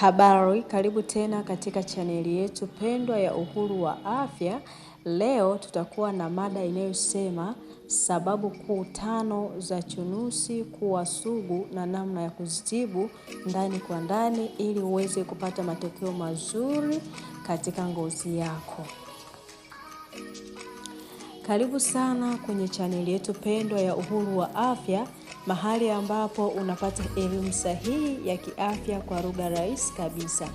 Habari, karibu tena katika chaneli yetu pendwa ya Uhuru wa Afya. Leo tutakuwa na mada inayosema sababu kuu tano za chunusi kuwa sugu na namna ya kuzitibu ndani kwa ndani ili uweze kupata matokeo mazuri katika ngozi yako. Karibu sana kwenye chaneli yetu pendwa ya Uhuru wa Afya, mahali ambapo unapata elimu sahihi ya kiafya kwa lugha rahisi kabisa.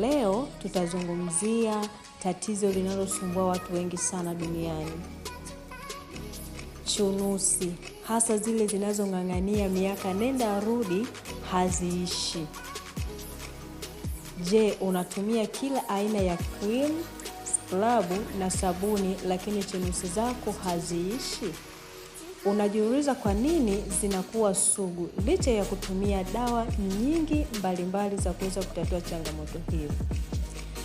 Leo tutazungumzia tatizo linalosumbua watu wengi sana duniani, chunusi, hasa zile zinazong'ang'ania miaka nenda rudi haziishi. Je, unatumia kila aina ya krimu labu na sabuni, lakini chunusi zako haziishi? Unajiuliza kwa nini zinakuwa sugu licha ya kutumia dawa nyingi mbalimbali mbali za kuweza kutatua changamoto hiyo.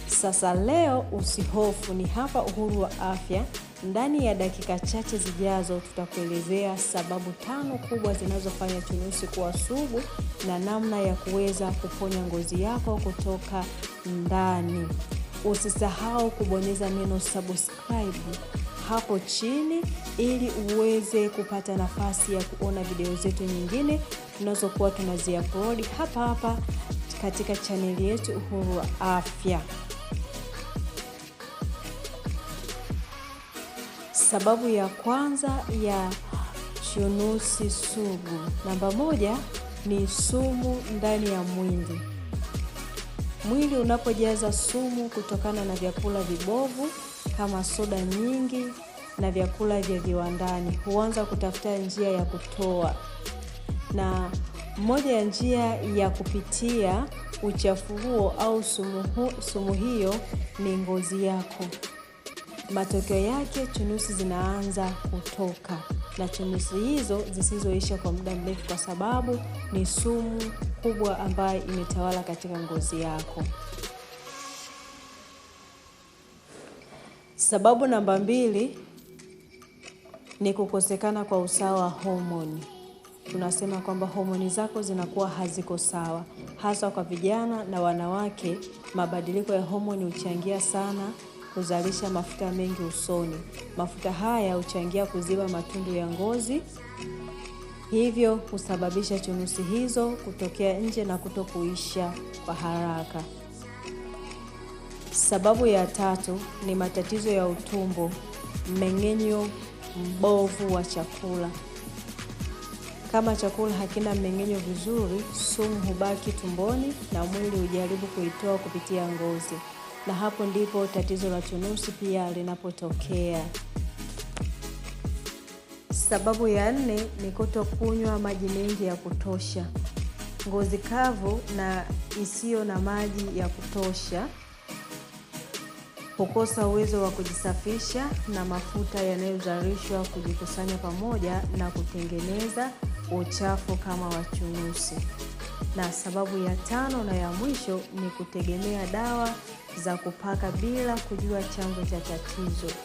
Sasa leo usihofu, ni hapa Uhuru wa Afya. Ndani ya dakika chache zijazo, tutakuelezea sababu tano kubwa zinazofanya chunusi kuwa sugu na namna ya kuweza kuponya ngozi yako kutoka ndani. Usisahau kubonyeza neno subscribe hapo chini ili uweze kupata nafasi ya kuona video zetu nyingine tunazokuwa tunaziupload hapa hapa katika chaneli yetu Uhuru wa Afya. Sababu ya kwanza ya chunusi sugu, namba moja ni sumu ndani ya mwindi Mwili unapojaza sumu kutokana na vyakula vibovu kama soda nyingi na vyakula vya viwandani huanza kutafuta njia ya kutoa, na moja ya njia ya kupitia uchafu huo au sumu, sumu hiyo ni ngozi yako matokeo yake chunusi zinaanza kutoka, na chunusi hizo zisizoisha kwa muda mrefu, kwa sababu ni sumu kubwa ambayo imetawala katika ngozi yako. Sababu namba mbili ni kukosekana kwa usawa wa homoni. Tunasema kwamba homoni zako zinakuwa haziko sawa, hasa kwa vijana na wanawake. Mabadiliko ya homoni huchangia sana huzalisha mafuta mengi usoni. Mafuta haya huchangia kuziba matundu ya ngozi, hivyo husababisha chunusi hizo kutokea nje na kuto kuisha kwa haraka. Sababu ya tatu ni matatizo ya utumbo, mmeng'enyo mbovu wa chakula. Kama chakula hakina mmeng'enyo vizuri, sumu hubaki tumboni na mwili hujaribu kuitoa kupitia ngozi na hapo ndipo tatizo la chunusi pia linapotokea. Sababu ya nne ni kutokunywa maji mengi ya kutosha. Ngozi kavu na isiyo na maji ya kutosha kukosa uwezo wa kujisafisha na mafuta yanayozalishwa kujikusanya pamoja na kutengeneza uchafu kama wa chunusi. Na sababu ya tano na ya mwisho ni kutegemea dawa za kupaka bila kujua chanzo cha tatizo.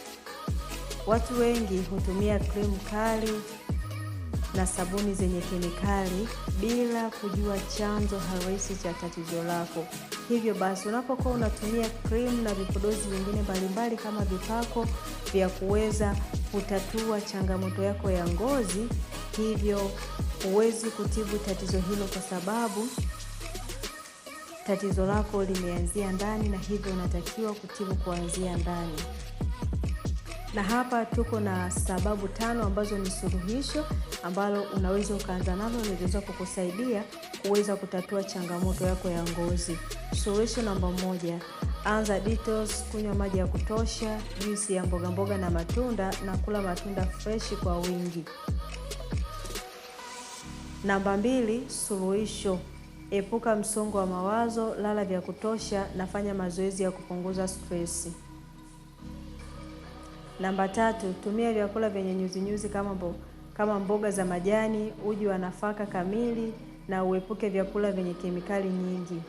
Watu wengi hutumia krimu kali na sabuni zenye kemikali bila kujua chanzo halisi cha tatizo lako. Hivyo basi, unapokuwa unatumia krimu na vipodozi vingine mbalimbali kama vipako vya kuweza kutatua changamoto yako ya ngozi, hivyo huwezi kutibu tatizo hilo kwa sababu Tatizo lako limeanzia ndani, na hivyo unatakiwa kutibu kuanzia ndani. Na hapa tuko na sababu tano ambazo ni suluhisho ambalo unaweza ukaanza nalo, linaweza kukusaidia kuweza kutatua changamoto yako ya ngozi. Suluhisho namba moja: anza ditos kunywa maji ya kutosha, juisi ya mbogamboga na matunda, na kula matunda freshi kwa wingi. Namba mbili, suluhisho epuka msongo wa mawazo, lala vya kutosha, nafanya mazoezi ya kupunguza stresi. Namba tatu, tumia vyakula vyenye nyuzinyuzi kama mboga, kama mboga za majani, uji wa nafaka kamili na uepuke vyakula vyenye kemikali nyingi.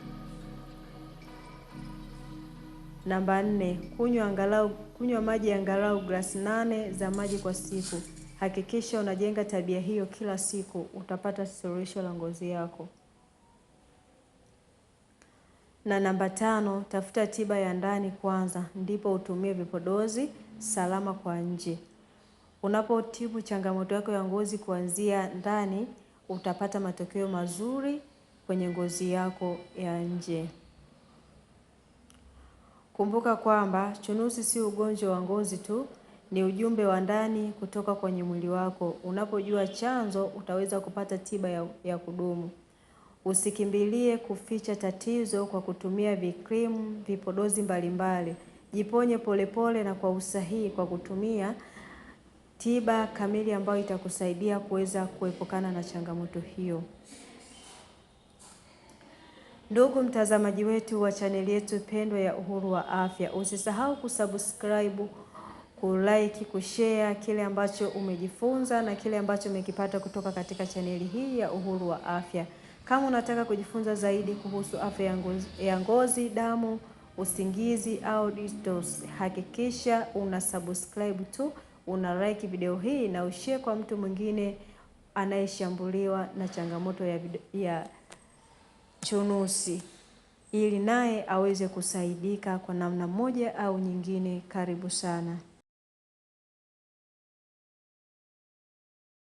Namba nne, kunywa angalau kunywa maji angalau glasi nane za maji kwa siku. Hakikisha unajenga tabia hiyo kila siku, utapata suluhisho la ngozi yako. Na namba tano, tafuta tiba ya ndani kwanza, ndipo utumie vipodozi salama kwa nje. Unapotibu changamoto yako ya ngozi kuanzia ndani, utapata matokeo mazuri kwenye ngozi yako ya nje. Kumbuka kwamba chunusi si ugonjwa wa ngozi tu, ni ujumbe wa ndani kutoka kwenye mwili wako. Unapojua chanzo, utaweza kupata tiba ya, ya kudumu. Usikimbilie kuficha tatizo kwa kutumia vikrimu, vipodozi mbalimbali. Jiponye polepole na kwa usahihi kwa kutumia tiba kamili ambayo itakusaidia kuweza kuepukana na changamoto hiyo. Ndugu mtazamaji wetu wa chaneli yetu pendwa ya Uhuru wa Afya, usisahau kusubscribe, kulike, kushare kile ambacho umejifunza na kile ambacho umekipata kutoka katika chaneli hii ya Uhuru wa Afya. Kama unataka kujifunza zaidi kuhusu afya ya ngozi, damu, usingizi au detox, hakikisha una subscribe tu, una like video hii na ushare kwa mtu mwingine anayeshambuliwa na changamoto ya, ya chunusi ili naye aweze kusaidika kwa namna moja au nyingine. Karibu sana.